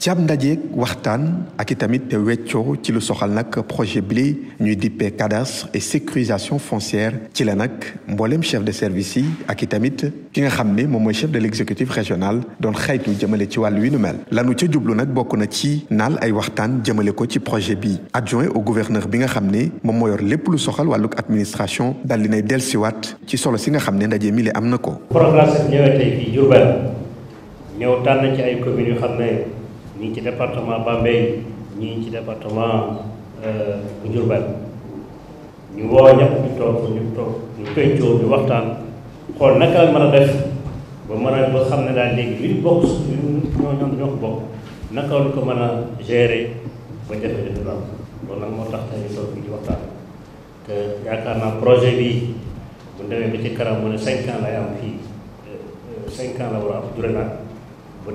ci ab ndajeek waxtaan ak i tamit weccoo ci lu soxal nag projet bile ñuy dippee cadastre et sécurisation foncière ci la nag mbooleem chef de service yi ak i tamit ki nga xam ne moom mooy chef de l'exécutif régional doon xaytu jëmale ci wàllu wi nu mel lanu ca jublu nag bokk na ci naal ay waxtaan jëmale ko ci projet bi adjoint au gouverneur bi nga xam ne moom moo yor lépp lu soxal wàlluk administration dal dinay dellusiwaat ci solo si nga xam ne ndaje mi am na ko. ñu ngi ci département Bambey ñu ngi ci département bu euh, Diourbel ñu woo ñëpp ñu toog ñu toog ñu pencoo ñu waxtaan xool naka la mën a def ba mën a xam ne daal léegi luñ bokk suñu ñoo ñoom ñoo ko bokk naka la ko mën a gérer ba jafe-jafe la loolu nag moo tax tey ñu toog di waxtaan te yaakaar naa projet bi bu demee ba ci kanam mu ne cinq ans lay am fii euh, euh, cinq la war a am durée naa bu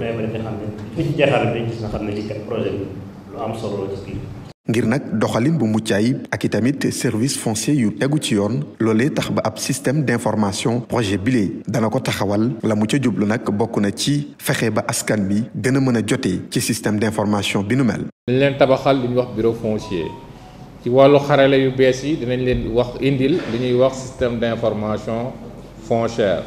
ngir nag doxalin bu mucc ayib ak i tamit service foncier yu tegu ci yoon loolee tax ba ab système d'information projet bile dana ko taxawal la mu ca jublu nag bokk na ci fexe ba askan bi gën a mën a jotee ci système d'information bi nu mel. dañ leen tabaxal lu ñuy wax bureau foncier ci wàllu xarale yu bees yi dinañ leen wax indil li ñuy wax système d'information foncière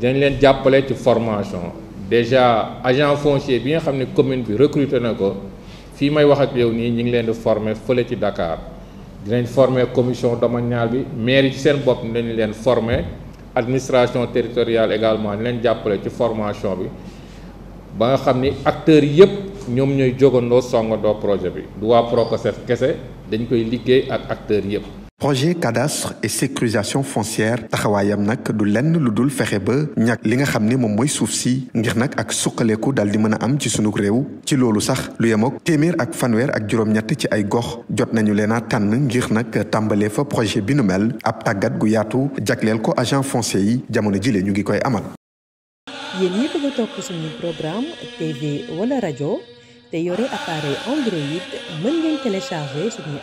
dinañ leen jàppale ci formation. déjà agent foncier bi nga xam ne commune bi recruté na ko fii may wax ak yow nii ñu ngi leen di former fële ci Dakar dinañ former commission domaniale bi mairie ci seen bopp dinañ leen former administration territorial également di leen jàppale ci formation bi ba nga xam ni acteurs yëpp ñoom ñooy jógandoo songandoo projet bi du waa set kese dañ koy liggéey ak acteur yëpp. projet cadastre et sécurisation foncière taxawaayam nag du lenn lu dul fexe ba ñàkk li nga xam ni moom mooy suuf si ngir nag ak suqaleeku dal di mën a am ci sunu réew ci loolu sax lu yem ak téeméer ak fanweer ak juróom-ñett ci ay gox jot nañu leen a tànn ngir nag tàmbalee fa projet bi nu mel ab tàggat gu yaatu jagleel ko agent foncier yi jamono jile ñu ngi koy amal. yéen ñi bëgg topp suñu programme TV wala rajo te yore appareil Android mën ngeen télécharger suñu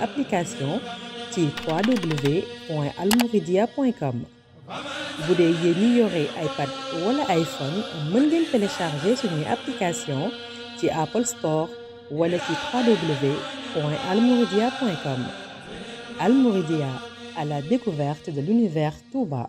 ci www.almouridia.com bu dee yéen ñi yore iPad wala iPhone mën ngeen télécharger suñuy application ci Apple Store wala ci www.almouridia.com Almouridia à la découverte de l'univers Touba.